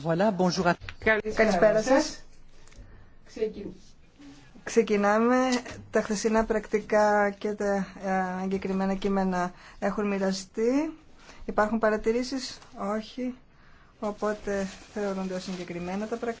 Voilà, Καλησπέρα σας. Ξεκινάμε. Τα χθεσινά πρακτικά και τα ε, εγκεκριμένα κείμενα έχουν μοιραστεί. Υπάρχουν παρατηρήσει, Όχι. Οπότε θεωρούνται ω εγκεκριμένα τα πρακτικά.